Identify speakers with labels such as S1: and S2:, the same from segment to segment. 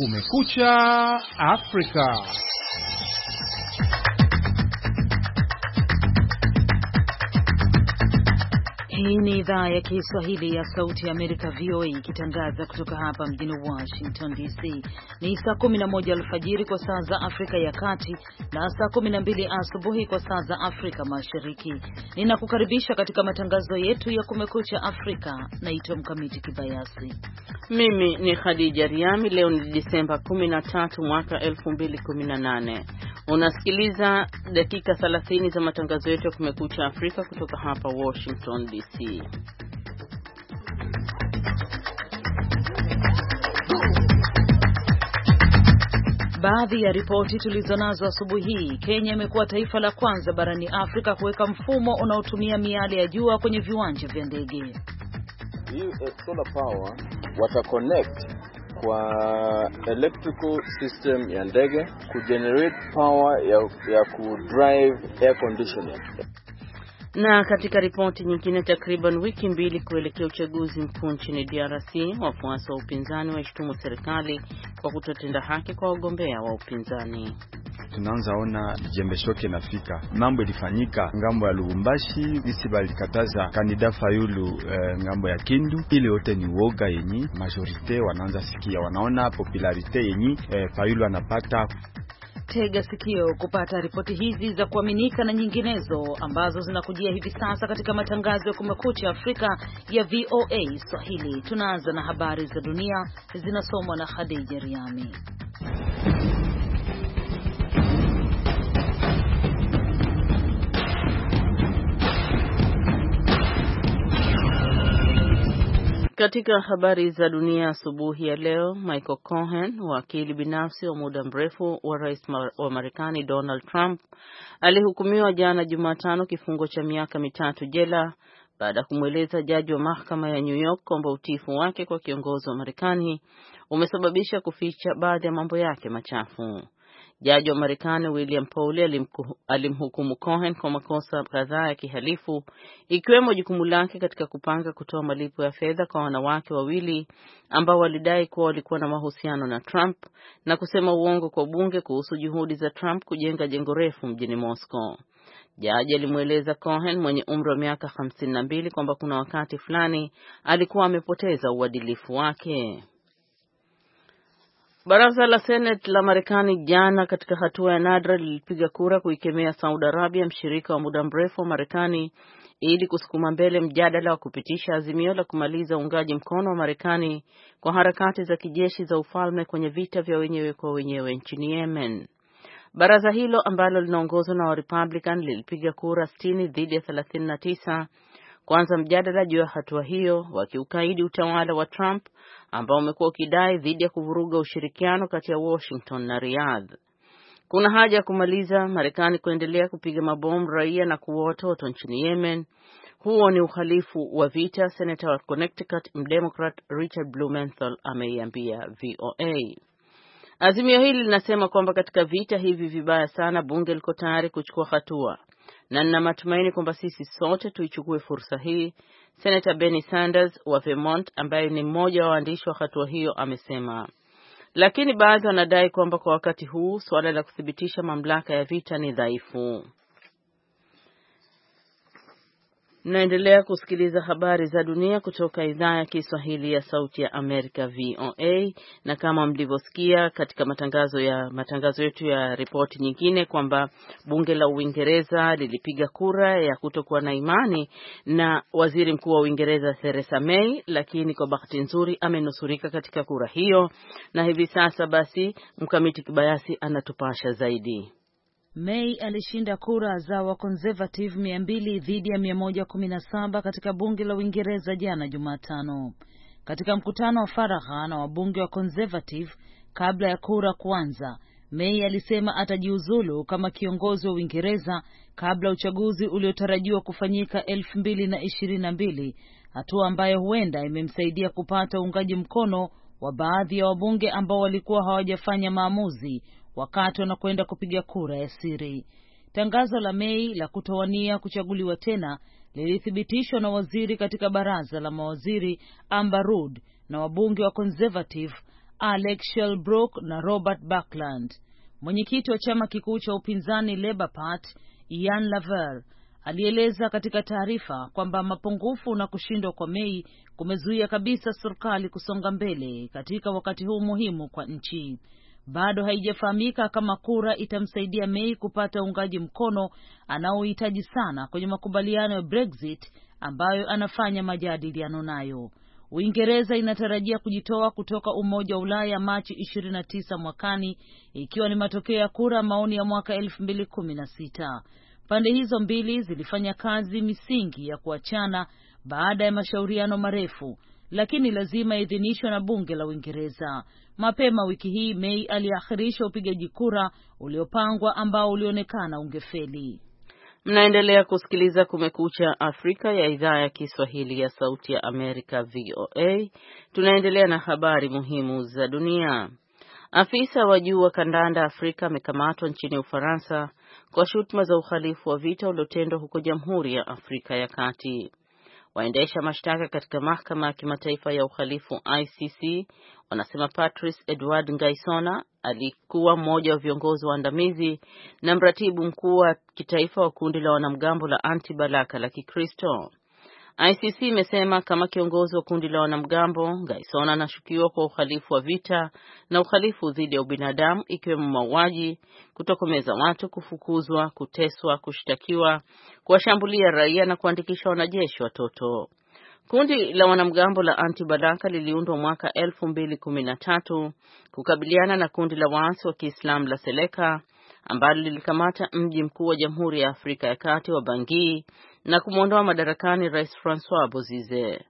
S1: Kumekucha Afrika.
S2: Hii ni idhaa ya Kiswahili ya Sauti ya Amerika, VOA, ikitangaza kutoka hapa mjini Washington DC. Ni saa 11 alfajiri kwa saa za Afrika ya Kati na saa 12 asubuhi kwa saa za Afrika Mashariki. Ninakukaribisha katika matangazo yetu ya Kumekucha Afrika. Naitwa Mkamiti Kibayasi.
S3: Mimi ni Khadija Riami. Leo ni Disemba 13 mwaka 2018. Unasikiliza dakika 30 za matangazo yetu ya Kumekucha Afrika kutoka hapa Washington DC hii.
S2: Baadhi ya ripoti tulizonazo asubuhi hii, Kenya imekuwa taifa la kwanza barani Afrika kuweka mfumo unaotumia miale ya jua kwenye viwanja vya ndege.
S4: Hii solar power wataconnect kwa electrical system ya ndege kugenerate power ya, ya kudrive air conditioning.
S3: Na katika ripoti nyingine, takriban wiki mbili kuelekea uchaguzi mkuu nchini DRC, wafuasi wa upinzani waishtumu serikali kwa kutotenda haki kwa wagombea wa upinzani.
S4: Tunaanza ona jembe shoke nafika mambo ilifanyika ngambo ya Lubumbashi, isi balikataza kandida Fayulu eh, ngambo ya Kindu. Ile yote ni woga yenyi majorite wanaanza sikia, wanaona popularite yenyi eh, Fayulu anapata
S2: tega sikio kupata ripoti hizi za kuaminika na nyinginezo ambazo zinakujia hivi sasa katika matangazo ya Kumekucha Afrika ya VOA Swahili. Tunaanza na habari za dunia zinasomwa na Khadija Riami.
S3: Katika habari za dunia asubuhi ya leo, Michael Cohen, wakili binafsi wa muda mrefu wa rais wa Marekani Donald Trump, alihukumiwa jana Jumatano kifungo cha miaka mitatu jela baada ya kumweleza jaji wa mahakama ya New York kwamba utiifu wake kwa kiongozi wa Marekani umesababisha kuficha baadhi ya mambo yake machafu. Jaji wa Marekani William Powley alimhukumu Cohen kwa makosa kadhaa ya kihalifu ikiwemo jukumu lake katika kupanga kutoa malipo ya fedha kwa wanawake wawili ambao walidai kuwa walikuwa na mahusiano na Trump na kusema uongo kwa bunge kuhusu juhudi za Trump kujenga jengo refu mjini Moscow. Jaji alimweleza Cohen mwenye umri wa miaka hamsini na mbili kwamba kuna wakati fulani alikuwa amepoteza uadilifu wake. Baraza la Senate la Marekani jana, katika hatua ya nadra, lilipiga kura kuikemea Saudi Arabia, mshirika wa muda mrefu wa Marekani, ili kusukuma mbele mjadala wa kupitisha azimio la kumaliza uungaji mkono wa Marekani kwa harakati za kijeshi za ufalme kwenye vita vya wenyewe kwa wenyewe nchini Yemen. Baraza hilo ambalo linaongozwa na Republican lilipiga kura 60 dhidi ya kuanza mjadala juu ya hatua hiyo, wakiukaidi utawala wa Trump ambao umekuwa ukidai dhidi ya kuvuruga ushirikiano kati ya Washington na Riyadh. Kuna haja ya kumaliza Marekani kuendelea kupiga mabomu raia na kuua watoto nchini Yemen. Huo ni uhalifu wa vita, senata wa Connecticut Mdemokrat Richard Blumenthal ameiambia VOA. Azimio hili linasema kwamba katika vita hivi vibaya sana, bunge liko tayari kuchukua hatua na nina matumaini kwamba sisi sote tuichukue fursa hii, Senator Bernie Sanders wa Vermont, ambaye ni mmoja wa waandishi wa hatua hiyo, amesema. Lakini baadhi wanadai kwamba kwa wakati huu suala la kuthibitisha mamlaka ya vita ni dhaifu. Mnaendelea kusikiliza habari za dunia kutoka idhaa ya Kiswahili ya Sauti ya Amerika, VOA. Na kama mlivyosikia katika matangazo ya matangazo yetu ya ripoti nyingine, kwamba bunge la Uingereza lilipiga kura ya kutokuwa na imani na waziri mkuu wa Uingereza Theresa May, lakini kwa bahati nzuri amenusurika katika kura hiyo, na hivi sasa basi Mkamiti Kibayasi anatupasha zaidi.
S2: May alishinda kura za waconservative 200 dhidi ya 117 katika bunge la Uingereza jana Jumatano, katika mkutano wa faragha na wabunge wa conservative kabla ya kura kuanza. May alisema atajiuzulu kama kiongozi wa Uingereza kabla uchaguzi uliotarajiwa kufanyika 2022, hatua ambayo huenda imemsaidia kupata uungaji mkono wa baadhi ya wabunge ambao walikuwa hawajafanya maamuzi wakati wanakwenda kupiga kura ya siri. Tangazo la Mei la kutowania kuchaguliwa tena lilithibitishwa na waziri katika baraza la mawaziri Amber Rudd na wabunge wa Conservative Alex Shelbrook na Robert Buckland. Mwenyekiti wa chama kikuu cha upinzani Labour Party Ian Laver alieleza katika taarifa kwamba mapungufu na kushindwa kwa Mei kumezuia kabisa serikali kusonga mbele katika wakati huu muhimu kwa nchi bado haijafahamika kama kura itamsaidia Mei kupata uungaji mkono anaohitaji sana kwenye makubaliano ya Brexit ambayo anafanya majadiliano nayo. Uingereza inatarajia kujitoa kutoka Umoja wa Ulaya Machi 29 mwakani, ikiwa ni matokeo ya kura maoni ya mwaka 2016. Pande hizo mbili zilifanya kazi misingi ya kuachana baada ya mashauriano marefu lakini lazima idhinishwe na bunge la Uingereza. Mapema wiki hii, Mei aliahirisha upigaji kura uliopangwa ambao ulionekana ungefeli.
S3: Mnaendelea kusikiliza Kumekucha Afrika ya idhaa ya Kiswahili ya Sauti ya Amerika, VOA. Tunaendelea na habari muhimu za dunia. Afisa wa juu wa kandanda Afrika amekamatwa nchini Ufaransa kwa shutuma za uhalifu wa vita uliotendwa huko Jamhuri ya Afrika ya Kati. Waendesha mashtaka katika mahakama ya kimataifa ya uhalifu ICC wanasema Patrice Edward Ngaisona alikuwa mmoja wa viongozi waandamizi na mratibu mkuu wa kitaifa wa kundi la wanamgambo la Anti Balaka la Kikristo. ICC imesema kama kiongozi wa kundi la wanamgambo Gaisona anashukiwa kwa uhalifu wa vita na uhalifu dhidi ya ubinadamu ikiwemo mauaji, kutokomeza watu, kufukuzwa, kuteswa, kushtakiwa, kuwashambulia raia na kuandikisha wanajeshi watoto. Kundi la wanamgambo la Anti-Balaka liliundwa mwaka 2013 kukabiliana na kundi la waasi wa Kiislamu la Seleka ambalo lilikamata mji mkuu wa Jamhuri ya Afrika ya Kati wa Bangui na kumwondoa madarakani Rais Francois Bozize.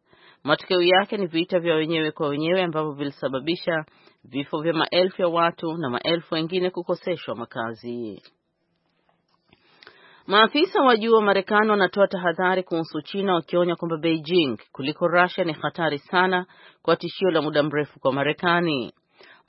S3: Matokeo yake ni vita vya wenyewe kwa wenyewe ambavyo vilisababisha vifo vya maelfu ya watu na maelfu wengine kukoseshwa makazi. Maafisa wa juu wa Marekani wanatoa tahadhari kuhusu China wakionya kwamba Beijing kuliko Russia ni hatari sana kwa tishio la muda mrefu kwa Marekani.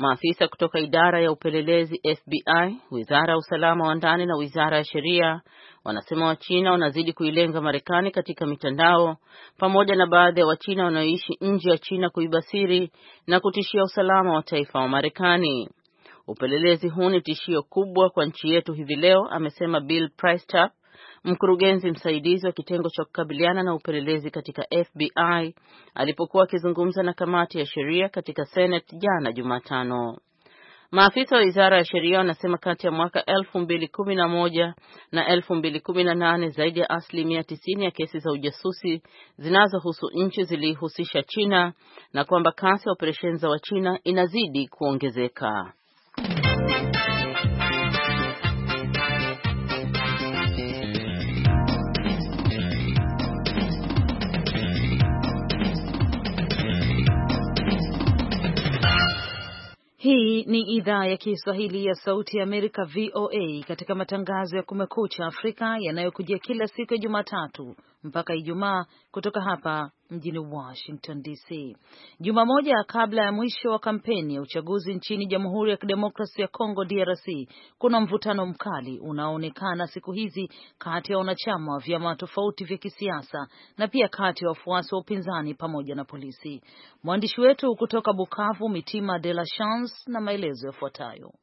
S3: Maafisa kutoka idara ya upelelezi FBI, wizara ya usalama wa ndani na wizara ya sheria wanasema Wachina wanazidi kuilenga Marekani katika mitandao, pamoja na baadhi ya Wachina wanaoishi nje ya China kuiba siri na kutishia usalama wa taifa wa Marekani. Upelelezi huu ni tishio kubwa kwa nchi yetu hivi leo, amesema Bill Priestap, Mkurugenzi msaidizi wa kitengo cha kukabiliana na upelelezi katika FBI alipokuwa akizungumza na kamati ya sheria katika Senate jana Jumatano. Maafisa wa Wizara ya Sheria wanasema kati ya mwaka 2011 na 2018 zaidi ya asilimia 90 ya kesi za ujasusi zinazohusu nchi zilihusisha China na kwamba kasi ya operesheni za Wachina inazidi kuongezeka.
S2: Hii ni idhaa ya Kiswahili ya Sauti ya Amerika, VOA, katika matangazo ya Kumekucha Afrika yanayokujia kila siku ya Jumatatu mpaka Ijumaa kutoka hapa mjini Washington DC. Juma moja kabla ya mwisho wa kampeni ya uchaguzi nchini Jamhuri ya Kidemokrasia ya Kongo DRC, kuna mvutano mkali unaoonekana siku hizi kati ya wanachama wa vyama tofauti vya kisiasa na pia kati ya wafuasi wa upinzani pamoja na polisi. Mwandishi wetu kutoka Bukavu Mitima de la Chance na maelezo yafuatayo.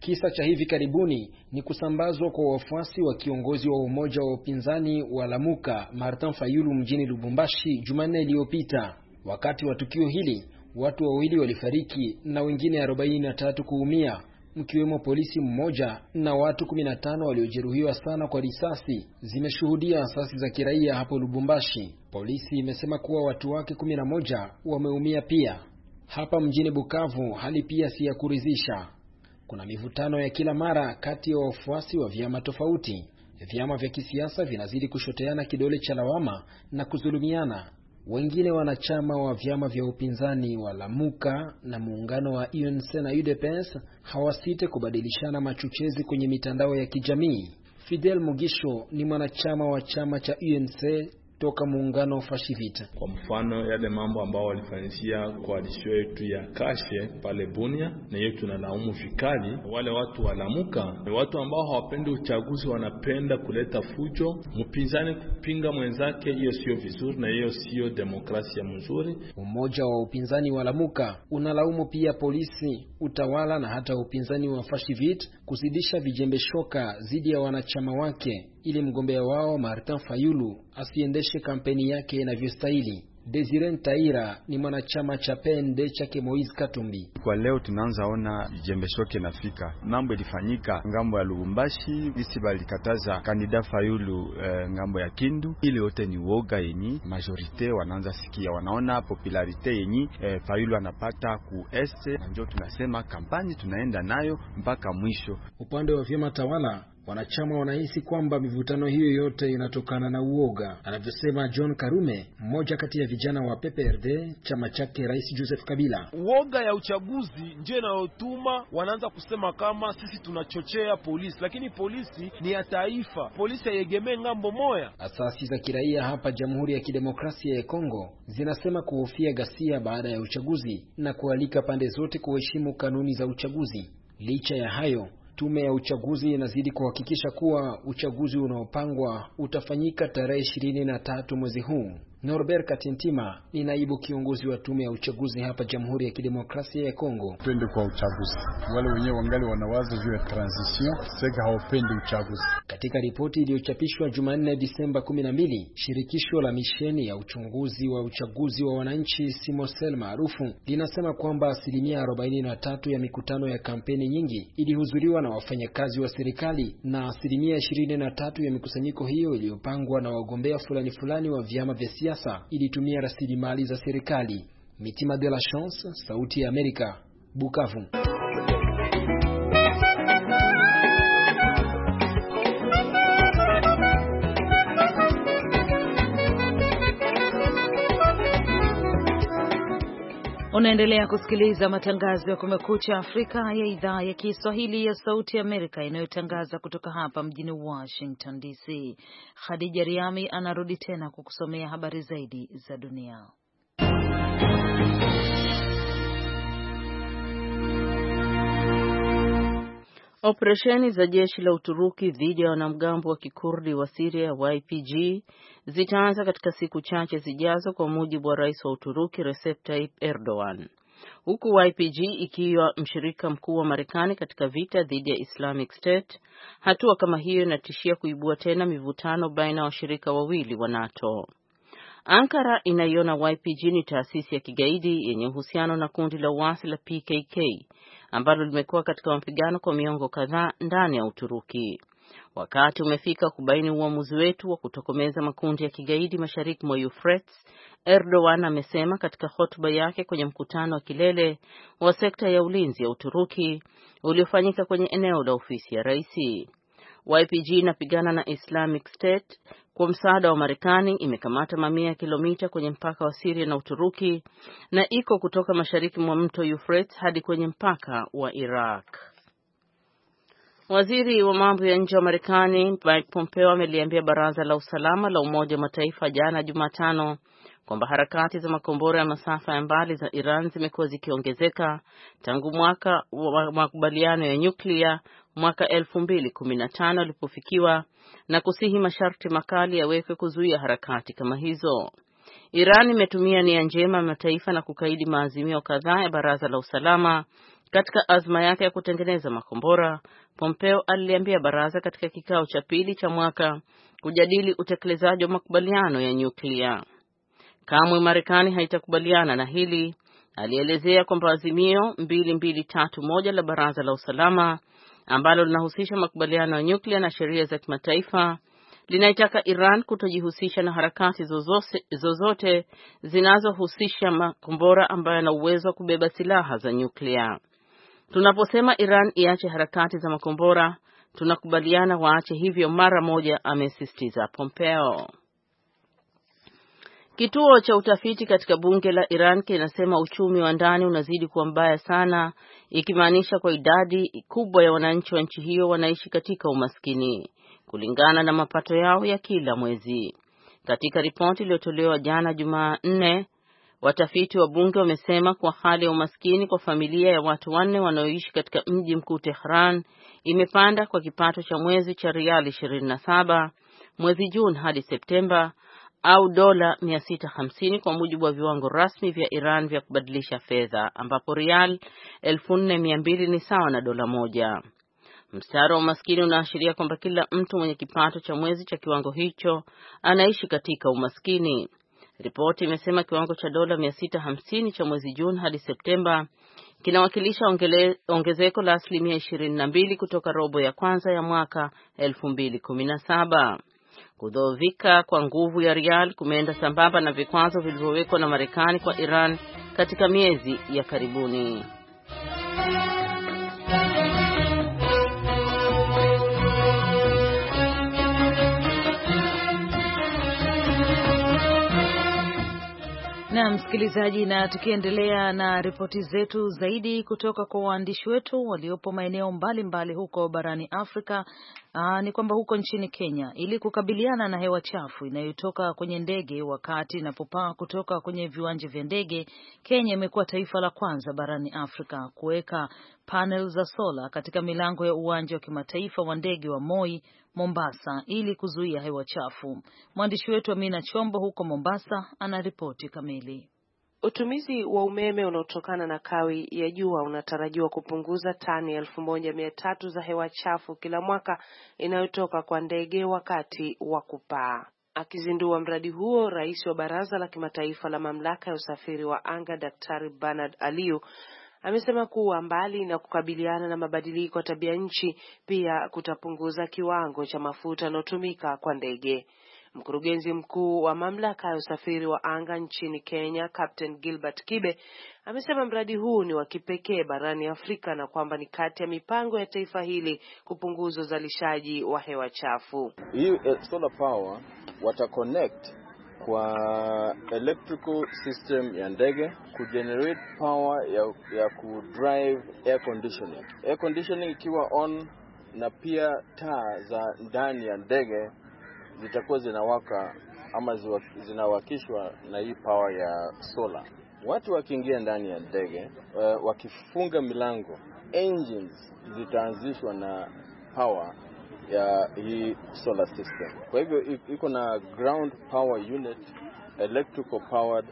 S5: Kisa cha hivi karibuni ni kusambazwa kwa wafuasi wa kiongozi wa umoja wa upinzani wa Lamuka Martin Fayulu mjini Lubumbashi Jumanne iliyopita. Wakati wa tukio hili, watu wawili walifariki na wengine 43 kuumia, mkiwemo polisi mmoja na watu 15 waliojeruhiwa sana kwa risasi zimeshuhudia asasi za kiraia hapo Lubumbashi. Polisi imesema kuwa watu wake 11 wameumia pia. Hapa mjini Bukavu hali pia si ya kuridhisha kuna mivutano ya kila mara kati ya wafuasi wa vyama tofauti. Vyama vya kisiasa vinazidi kushoteana kidole cha lawama na kuzulumiana Wengine wanachama wa vyama vya upinzani wa Lamuka na muungano wa UNC na UDPS hawasite kubadilishana machochezi kwenye mitandao ya kijamii. Fidel Mugisho ni mwanachama wa chama cha UNC toka muungano wa Fashivita. Kwa
S4: mfano yale mambo ambao walifanyisia koalisio yetu ya Kashe pale Bunia, na yetu tunalaumu vikali wale watu walamuka, ni watu ambao hawapendi uchaguzi, wanapenda kuleta
S5: fujo,
S4: mpinzani kupinga mwenzake. Hiyo sio vizuri na hiyo sio
S5: demokrasia mzuri. Umoja wa upinzani walamuka unalaumu pia polisi, utawala na hata upinzani wa Fashivita kuzidisha vijembe shoka dhidi ya wanachama wake ili mgombea wao Martin Fayulu asiendeshe kampeni yake inavyostahili. Desire Ntaira ni mwanachama cha pende chake Moise Katumbi.
S4: Kwa leo tunaanza ona jembeshoke nafika mambo ilifanyika ngambo ya Lubumbashi, isi balikataza kandida Fayulu eh, ngambo ya Kindu. Ile yote ni woga yenyi majorite wanaanza sikia, wanaona popularite yenyi eh, Fayulu anapata ku este, na tunasema kampani tunaenda nayo mpaka mwisho.
S5: Upande wa vyama tawala wanachama wanahisi kwamba mivutano hiyo yote inatokana na uoga, anavyosema John Karume, mmoja kati ya vijana wa PPRD, chama chake Rais Joseph Kabila.
S4: Uoga ya uchaguzi ndio inayotuma wanaanza kusema kama sisi tunachochea polisi, lakini polisi ni ya taifa, polisi haiegemee
S5: ng'ambo moya. Asasi za kiraia hapa Jamhuri ya Kidemokrasia ya Kongo zinasema kuhofia ghasia baada ya uchaguzi na kualika pande zote kuheshimu kanuni za uchaguzi. Licha ya hayo Tume ya uchaguzi inazidi kuhakikisha kuwa uchaguzi unaopangwa utafanyika tarehe 23 mwezi huu. Norbert Katintima ni naibu kiongozi wa tume ya uchaguzi hapa Jamhuri ya Kidemokrasia ya Kongo. Pende kwa uchaguzi, wale wenyewe wangali wanawaza juu ya transition sega, hawapendi uchaguzi. Katika ripoti iliyochapishwa Jumanne Disemba 12, shirikisho la misheni ya uchunguzi wa uchaguzi wa wananchi Simosel maarufu linasema kwamba asilimia 43 ya mikutano ya kampeni nyingi ilihudhuriwa na wafanyakazi wa serikali na asilimia 23 ya mikusanyiko hiyo iliyopangwa na wagombea fulani fulani wa vyama vya siasa siasa ilitumia rasilimali za serikali. Mitima de la Chance, Sauti ya Amerika, Bukavu.
S2: Unaendelea kusikiliza matangazo ya Kumekucha Afrika ya idhaa ya Kiswahili ya Sauti Amerika inayotangaza kutoka hapa mjini Washington DC. Khadija Riami anarudi tena kukusomea habari zaidi za dunia.
S3: Operesheni za jeshi la Uturuki dhidi ya wanamgambo wa Kikurdi wa Syria YPG zitaanza katika siku chache zijazo kwa mujibu wa Rais wa Uturuki Recep Tayyip Erdogan. Huku YPG ikiwa mshirika mkuu wa Marekani katika vita dhidi ya Islamic State, hatua kama hiyo inatishia kuibua tena mivutano baina ya washirika wawili wa NATO. Ankara inaiona YPG ni taasisi ya kigaidi yenye uhusiano na kundi la uasi la PKK ambalo limekuwa katika mapigano kwa miongo kadhaa ndani ya Uturuki. Wakati umefika kubaini uamuzi wetu wa kutokomeza makundi ya kigaidi mashariki mwa Euphrates, Erdogan amesema katika hotuba yake kwenye mkutano wa kilele wa sekta ya ulinzi ya Uturuki uliofanyika kwenye eneo la ofisi ya raisi. YPG inapigana na Islamic State kwa msaada wa Marekani. Imekamata mamia ya kilomita kwenye mpaka wa Siria na Uturuki na iko kutoka mashariki mwa mto Euphrates hadi kwenye mpaka wa Iraq. Waziri wa mambo ya nje wa Marekani Mike Pompeo ameliambia Baraza la Usalama la Umoja wa Mataifa jana Jumatano kwamba harakati za makombora ya masafa ya mbali za Iran zimekuwa zikiongezeka tangu mwaka wa makubaliano ya nyuklia mwaka 2015 ulipofikiwa na kusihi masharti makali yawekwe kuzuia harakati kama hizo. Iran imetumia nia njema ya mataifa na kukaidi maazimio kadhaa ya Baraza la Usalama katika azma yake ya kutengeneza makombora. Pompeo aliliambia baraza katika kikao cha pili cha mwaka kujadili utekelezaji wa makubaliano ya nyuklia. Kamwe Marekani haitakubaliana na hili. Alielezea kwamba azimio 2231 la Baraza la Usalama ambalo linahusisha makubaliano ya nyuklia na sheria za kimataifa linaitaka Iran kutojihusisha na harakati zozote, zozote zinazohusisha makombora ambayo yana uwezo wa kubeba silaha za nyuklia. Tunaposema Iran iache harakati za makombora, tunakubaliana waache hivyo mara moja, amesisitiza Pompeo. Kituo cha utafiti katika bunge la Iran kinasema uchumi wa ndani unazidi kuwa mbaya sana, ikimaanisha kwa idadi kubwa ya wananchi wa nchi hiyo wanaishi katika umaskini kulingana na mapato yao ya kila mwezi. Katika ripoti iliyotolewa jana Jumanne, watafiti wa bunge wamesema kwa hali ya umaskini kwa familia ya watu wanne wanaoishi katika mji mkuu Tehran imepanda kwa kipato cha mwezi cha riali 27 mwezi Juni hadi Septemba au dola 650 kwa mujibu wa viwango rasmi vya Iran vya kubadilisha fedha ambapo rial 4200 ni sawa na dola moja. Mstara wa umaskini unaashiria kwamba kila mtu mwenye kipato cha mwezi cha kiwango hicho anaishi katika umaskini. Ripoti imesema kiwango cha dola 650 cha mwezi Juni hadi Septemba kinawakilisha ongezeko la asilimia 22 kutoka robo ya kwanza ya mwaka 2017. Kudhoofika kwa nguvu ya rial kumeenda sambamba na vikwazo vilivyowekwa na Marekani kwa Iran katika miezi ya karibuni.
S2: Na msikilizaji, na tukiendelea na ripoti zetu zaidi kutoka kwa waandishi wetu waliopo maeneo mbalimbali huko barani Afrika, aa, ah, ni kwamba huko nchini Kenya ili kukabiliana na hewa chafu inayotoka kwenye ndege wakati inapopaa kutoka kwenye viwanja vya ndege, Kenya imekuwa taifa la kwanza barani Afrika kuweka panel za sola katika milango ya uwanja wa kimataifa wa ndege wa Moi Mombasa ili kuzuia hewa chafu. Mwandishi wetu Amina Chombo huko Mombasa ana ripoti kamili.
S6: Utumizi wa umeme unaotokana na kawi ya jua unatarajiwa kupunguza tani elfu moja mia tatu za hewa chafu kila mwaka inayotoka kwa ndege wakati wa kupaa. Akizindua mradi huo, rais wa Baraza la Kimataifa la Mamlaka ya Usafiri wa Anga, Daktari Bernard Aliu amesema kuwa mbali na kukabiliana na mabadiliko ya tabia nchi, pia kutapunguza kiwango cha mafuta yanayotumika kwa ndege. Mkurugenzi mkuu wa mamlaka ya usafiri wa anga nchini Kenya, Captain Gilbert Kibe, amesema mradi huu ni wa kipekee barani Afrika na kwamba ni kati ya mipango ya taifa hili kupunguza uzalishaji wa hewa chafu.
S4: Hii eh, solar power wataconnect kwa electrical system ya ndege kugenerate power ya, ya kudrive air conditioning. Air conditioning ikiwa on na pia taa za ndani ya ndege zitakuwa zinawaka ama zinawakishwa na hii power ya solar. Watu wakiingia ndani ya ndege uh, wakifunga milango, engines zitaanzishwa na power ya hii solar system. Kwa hivyo iko na ground power unit, electrical powered,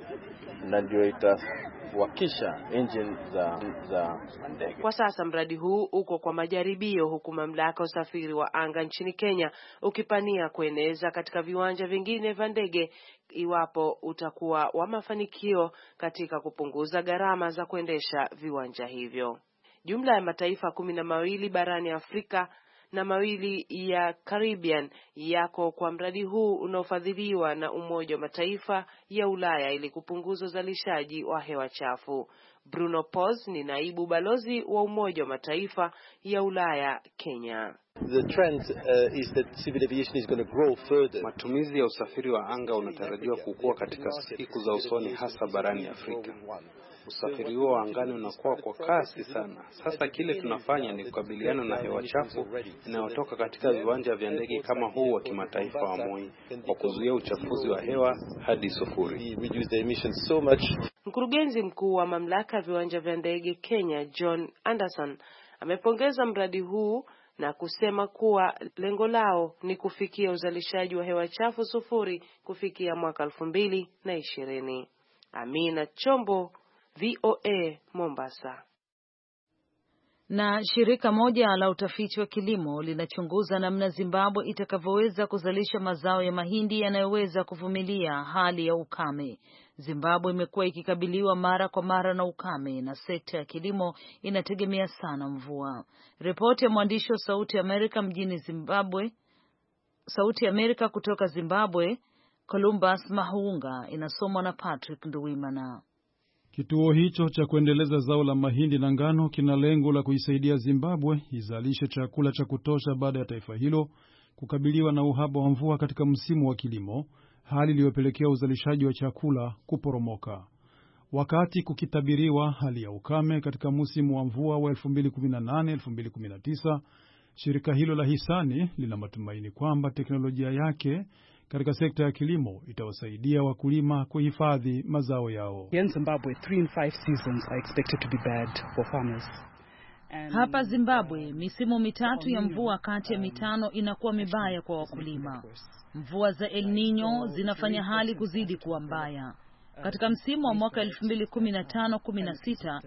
S4: na ndio itasa kuwakisha engine za, za ndege.
S6: Kwa sasa mradi huu uko kwa majaribio, huku mamlaka usafiri wa anga nchini Kenya ukipania kueneza katika viwanja vingine vya ndege iwapo utakuwa wa mafanikio katika kupunguza gharama za kuendesha viwanja hivyo. Jumla ya mataifa kumi na mawili barani Afrika na mawili ya Caribbean yako kwa mradi huu unaofadhiliwa na Umoja wa Mataifa ya Ulaya ili kupunguza uzalishaji wa hewa chafu. Bruno Pos ni naibu balozi wa Umoja wa Mataifa ya Ulaya Kenya.
S4: The trend, uh, is that civil aviation is going to grow further. Matumizi ya usafiri wa anga unatarajiwa kukua katika siku za usoni hasa barani Afrika. Usafiri huo wa angani unakuwa kwa kasi sana. Sasa kile tunafanya ni kukabiliana na hewa chafu inayotoka katika viwanja vya ndege kama huu wa kimataifa wa Moi kwa kuzuia uchafuzi wa hewa hadi sufuri.
S6: Mkurugenzi mkuu wa mamlaka ya viwanja vya ndege Kenya, John Anderson, amepongeza mradi huu na kusema kuwa lengo lao ni kufikia uzalishaji wa hewa chafu sufuri kufikia mwaka elfu mbili na ishirini. Amina Chombo VOA Mombasa.
S2: Na shirika moja la utafiti wa kilimo linachunguza namna Zimbabwe itakavyoweza kuzalisha mazao ya mahindi yanayoweza kuvumilia hali ya ukame. Zimbabwe imekuwa ikikabiliwa mara kwa mara na ukame na sekta ya kilimo inategemea sana mvua. Ripoti ya mwandishi wa Sauti Amerika mjini Zimbabwe, Sauti Amerika kutoka Zimbabwe, Columbus Mahunga inasomwa na Patrick Nduwimana.
S1: Kituo hicho cha kuendeleza zao la mahindi na ngano kina lengo la kuisaidia Zimbabwe izalishe chakula cha kutosha baada ya taifa hilo kukabiliwa na uhaba wa mvua katika msimu wa kilimo, hali iliyopelekea uzalishaji wa chakula kuporomoka. Wakati kukitabiriwa hali ya ukame katika msimu wa mvua wa 2018-2019, shirika hilo la hisani lina matumaini kwamba teknolojia yake katika sekta ya kilimo itawasaidia wakulima kuhifadhi mazao yao.
S2: Hapa uh, Zimbabwe misimu mitatu ya mvua kati ya um, mitano inakuwa mibaya kwa wakulima. Mvua za El Nino zinafanya hali kuzidi kuwa mbaya. Uh, katika msimu wa mwaka 2015-16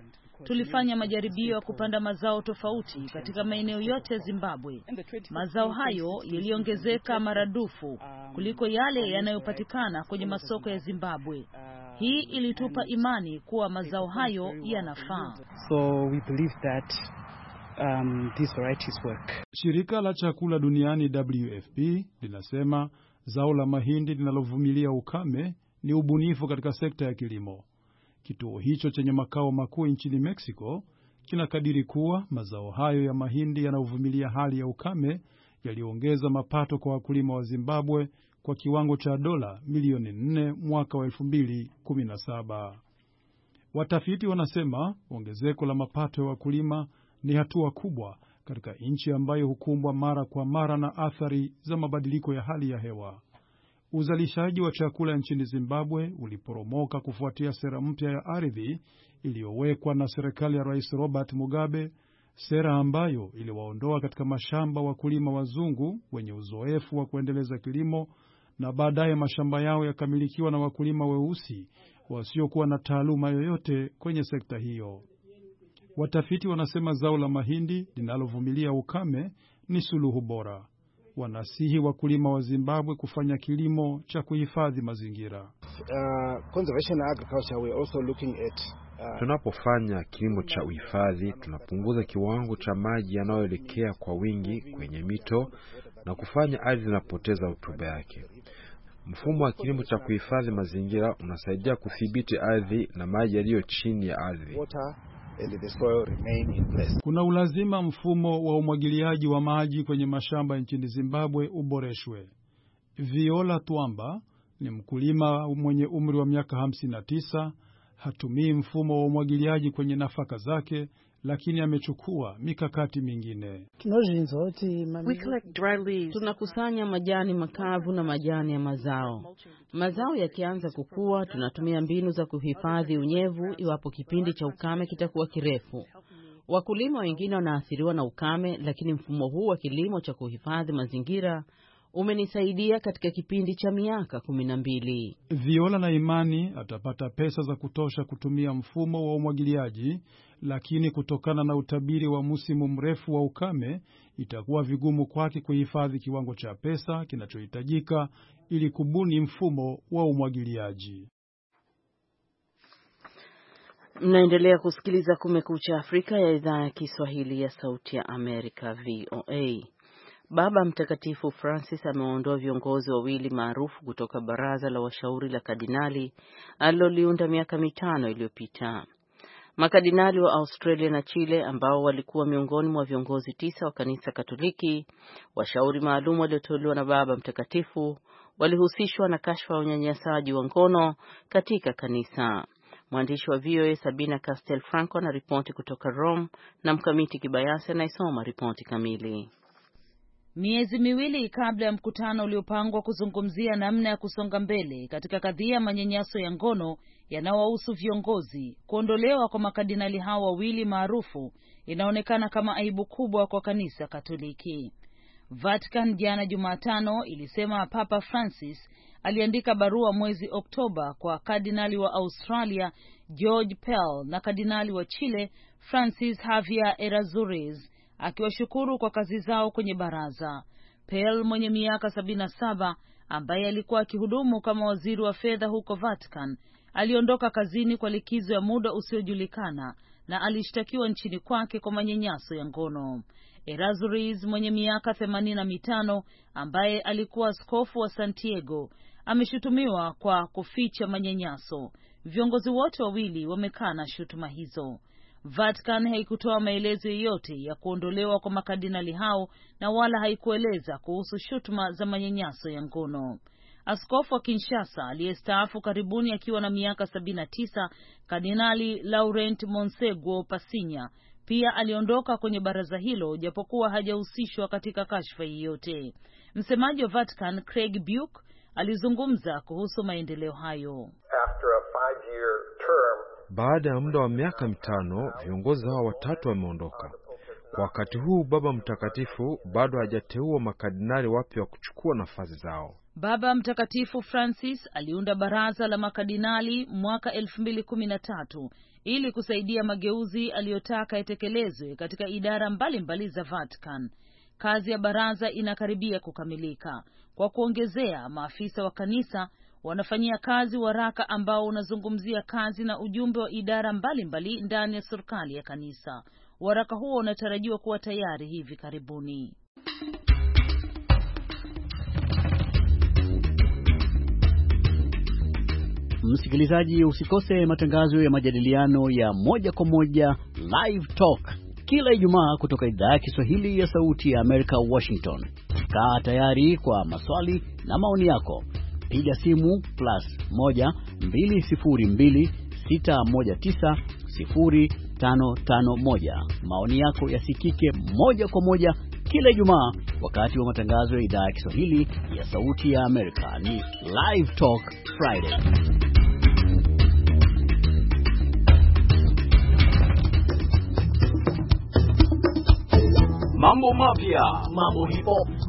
S2: Tulifanya majaribio ya kupanda mazao tofauti katika maeneo yote ya Zimbabwe. Mazao hayo yaliongezeka maradufu um, kuliko yale yanayopatikana kwenye masoko ya Zimbabwe. Uh, Hii ilitupa imani kuwa mazao hayo yanafaa.
S1: So we believe that um, this variety work. Shirika la chakula duniani WFP linasema zao la mahindi linalovumilia ukame ni ubunifu katika sekta ya kilimo. Kituo hicho chenye makao makuu nchini Mexico kinakadiri kuwa mazao hayo ya mahindi yanayovumilia hali ya ukame yaliongeza mapato kwa wakulima wa Zimbabwe kwa kiwango cha dola milioni 4 mwaka wa 2017. Watafiti wanasema ongezeko la mapato ya wakulima ni hatua kubwa katika nchi ambayo hukumbwa mara kwa mara na athari za mabadiliko ya hali ya hewa. Uzalishaji wa chakula nchini Zimbabwe uliporomoka kufuatia sera mpya ya ardhi iliyowekwa na serikali ya Rais Robert Mugabe, sera ambayo iliwaondoa katika mashamba wakulima wazungu wenye uzoefu wa kuendeleza kilimo na baadaye mashamba yao yakamilikiwa na wakulima weusi wasiokuwa na taaluma yoyote kwenye sekta hiyo. Watafiti wanasema zao la mahindi linalovumilia ukame ni suluhu bora wanasihi wakulima wa Zimbabwe kufanya kilimo cha kuhifadhi mazingira. Uh, uh,
S4: Tunapofanya kilimo cha uhifadhi, tunapunguza kiwango cha maji yanayoelekea kwa wingi kwenye mito na kufanya ardhi inapoteza rutuba yake. Mfumo wa kilimo cha kuhifadhi mazingira unasaidia kudhibiti ardhi na maji yaliyo chini ya ardhi and the soil remain in
S1: place. Kuna ulazima mfumo wa umwagiliaji wa maji kwenye mashamba nchini Zimbabwe uboreshwe. Viola Twamba ni mkulima mwenye umri wa miaka 59, hatumii mfumo wa umwagiliaji kwenye nafaka zake lakini amechukua mikakati mingine.
S3: Tunakusanya majani makavu na majani ya mazao. Mazao yakianza kukua, tunatumia mbinu za kuhifadhi unyevu iwapo kipindi cha ukame kitakuwa kirefu. Wakulima wengine wanaathiriwa na ukame, lakini mfumo huu wa kilimo cha kuhifadhi mazingira umenisaidia katika kipindi cha miaka kumi na mbili.
S1: Viola na Imani atapata pesa za kutosha kutumia mfumo wa umwagiliaji, lakini kutokana na utabiri wa msimu mrefu wa ukame itakuwa vigumu kwake kuhifadhi kiwango cha pesa kinachohitajika ili kubuni mfumo wa umwagiliaji.
S3: Mnaendelea kusikiliza Kumekucha Afrika ya idhaa ya Kiswahili ya Sauti ya Amerika, VOA. Baba Mtakatifu Francis amewaondoa viongozi wawili maarufu kutoka baraza la washauri la kardinali aliloliunda miaka mitano iliyopita. makadinali wa Australia na Chile ambao walikuwa miongoni mwa viongozi tisa wa kanisa Katoliki, washauri maalum walioteuliwa na Baba Mtakatifu, walihusishwa na kashfa ya unyanyasaji wa ngono katika kanisa. Mwandishi wa VOA Sabina Castel Franco anaripoti kutoka Rome na Mkamiti Kibayasi anayesoma ripoti kamili
S2: miezi miwili kabla ya mkutano uliopangwa kuzungumzia namna ya kusonga mbele katika kadhia ya manyanyaso ya ngono yanayowahusu viongozi. Kuondolewa kwa makadinali hao wawili maarufu inaonekana kama aibu kubwa kwa kanisa Katoliki. Vatican jana Jumatano ilisema Papa Francis aliandika barua mwezi Oktoba kwa kardinali wa Australia George Pell na kardinali wa Chile Francis Javier Erazzuriz akiwashukuru kwa kazi zao kwenye baraza. Pell mwenye miaka sabini na saba ambaye alikuwa akihudumu kama waziri wa fedha huko Vatican aliondoka kazini kwa likizo ya muda usiojulikana na alishtakiwa nchini kwake kwa manyanyaso ya ngono. Erasuriz mwenye miaka themanini na mitano ambaye alikuwa askofu wa Santiago ameshutumiwa kwa kuficha manyanyaso. Viongozi wote wawili wamekana shutuma hizo. Vatican haikutoa maelezo yoyote ya kuondolewa kwa makardinali hao na wala haikueleza kuhusu shutuma za manyanyaso ya ngono. Askofu wa Kinshasa aliyestaafu karibuni akiwa na miaka 79 Kardinali Laurent Monsengwo Pasinya pia aliondoka kwenye baraza hilo japokuwa hajahusishwa katika kashfa yoyote. Msemaji wa Vatican Craig buk alizungumza kuhusu maendeleo hayo.
S5: After a five-year term,
S4: baada ya muda wa miaka mitano, viongozi hao watatu wameondoka. Kwa wakati huu Baba Mtakatifu bado hajateua makardinali wapya wa kuchukua nafasi zao.
S2: Baba Mtakatifu Francis aliunda baraza la makardinali mwaka 2013 ili kusaidia mageuzi aliyotaka yatekelezwe katika idara mbalimbali mbali za Vatican. Kazi ya baraza inakaribia kukamilika. Kwa kuongezea, maafisa wa kanisa wanafanyia kazi waraka ambao unazungumzia kazi na ujumbe wa idara mbalimbali ndani ya serikali ya kanisa. Waraka huo unatarajiwa kuwa tayari hivi karibuni.
S5: Msikilizaji, usikose matangazo ya majadiliano ya moja kwa moja Live Talk kila Ijumaa kutoka idhaa ya Kiswahili ya Sauti ya Amerika, Washington. Kaa tayari kwa maswali na maoni yako piga simu plus 1 202 Maoni yako yasikike moja kwa moja kila Ijumaa wakati wa matangazo ya idhaa ya Kiswahili ya Sauti ya Amerika. Ni Live Talk Friday.
S4: Mambo mapya, mambo hip hop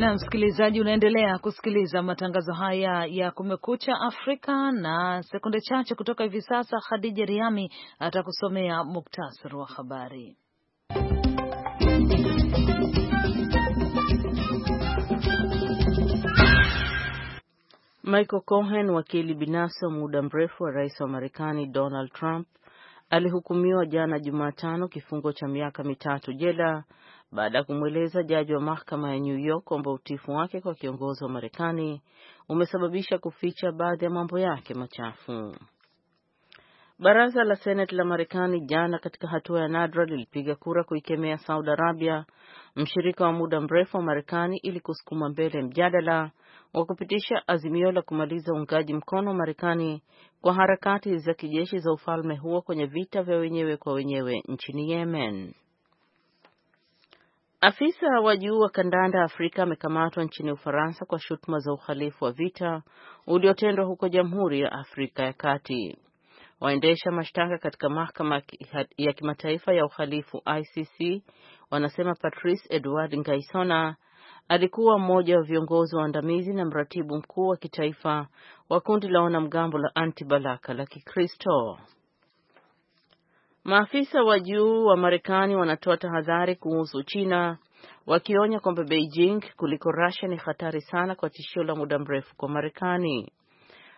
S2: Na msikilizaji, unaendelea kusikiliza matangazo haya ya Kumekucha Afrika, na sekunde chache kutoka hivi sasa Khadija Riami atakusomea muktasari wa habari.
S3: Michael Cohen, wakili binafsi wa muda mrefu wa rais wa Marekani Donald Trump, alihukumiwa jana Jumatano kifungo cha miaka mitatu jela baada ya kumweleza jaji wa mahakama ya New York kwamba utifu wake kwa kiongozi wa Marekani umesababisha kuficha baadhi ya mambo yake machafu. Baraza la Seneti la Marekani jana, katika hatua ya nadra, lilipiga kura kuikemea Saudi Arabia, mshirika wa muda mrefu wa Marekani, ili kusukuma mbele mjadala wa kupitisha azimio la kumaliza uungaji mkono wa Marekani kwa harakati za kijeshi za ufalme huo kwenye vita vya wenyewe kwa wenyewe nchini Yemen. Afisa wa juu wa kandanda Afrika amekamatwa nchini Ufaransa kwa shutuma za uhalifu wa vita uliotendwa huko Jamhuri ya Afrika ya Kati. Waendesha mashtaka katika mahakama ya kimataifa ya uhalifu ICC wanasema Patrice Edward Ngaisona alikuwa mmoja wa viongozi waandamizi na mratibu mkuu wa kitaifa wa kundi la wanamgambo la Anti Balaka la Kikristo. Maafisa wa juu wa Marekani wanatoa tahadhari kuhusu China wakionya kwamba Beijing kuliko Russia ni hatari sana kwa tishio la muda mrefu kwa Marekani.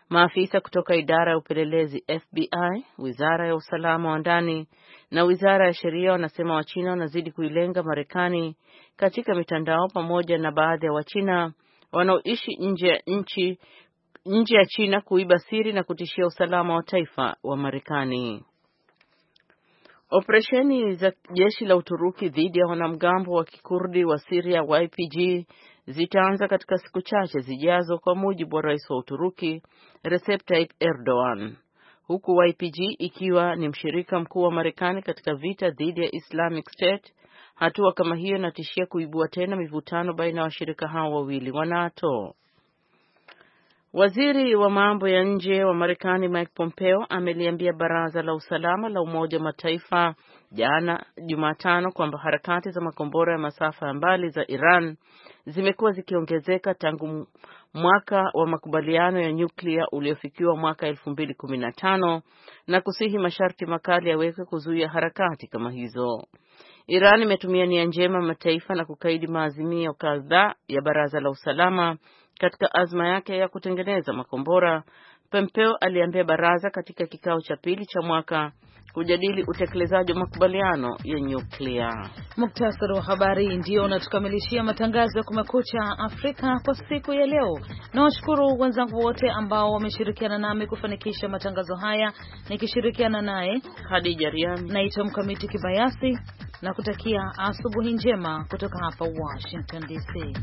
S3: Maafisa kutoka idara ya upelelezi FBI, wizara ya usalama wa ndani na wizara ya sheria wanasema Wachina wanazidi kuilenga Marekani katika mitandao, pamoja na baadhi ya Wachina wanaoishi nje ya nchi nje ya China kuiba siri na kutishia usalama wa taifa wa Marekani. Operesheni za jeshi la Uturuki dhidi ya wanamgambo wa Kikurdi wa Syria YPG zitaanza katika siku chache zijazo kwa mujibu wa Rais wa Uturuki Recep Tayyip Erdogan, huku YPG ikiwa ni mshirika mkuu wa Marekani katika vita dhidi ya Islamic State. Hatua kama hiyo inatishia kuibua tena mivutano baina ya washirika hao wawili wa NATO. Waziri wa mambo ya nje wa Marekani Mike Pompeo ameliambia Baraza la Usalama la Umoja wa Mataifa jana Jumatano kwamba harakati za makombora ya masafa ya mbali za Iran zimekuwa zikiongezeka tangu mwaka wa makubaliano ya nyuklia uliofikiwa mwaka 2015 na kusihi masharti makali yawekwe kuzuia harakati kama hizo. Iran imetumia nia njema mataifa na kukaidi maazimio kadhaa ya Baraza la Usalama katika azma yake ya kutengeneza makombora, Pompeo aliambia baraza katika kikao cha pili cha mwaka kujadili utekelezaji wa makubaliano ya nyuklia.
S2: Muktasari wa habari ndio unatukamilishia matangazo ya Kumekucha Afrika kwa siku ya leo. Nawashukuru wenzangu wote ambao wameshirikiana nami kufanikisha matangazo haya, nikishirikiana naye Hadija Riami. Naitwa Mkamiti Kibayasi na kutakia asubuhi njema kutoka hapa Washington DC.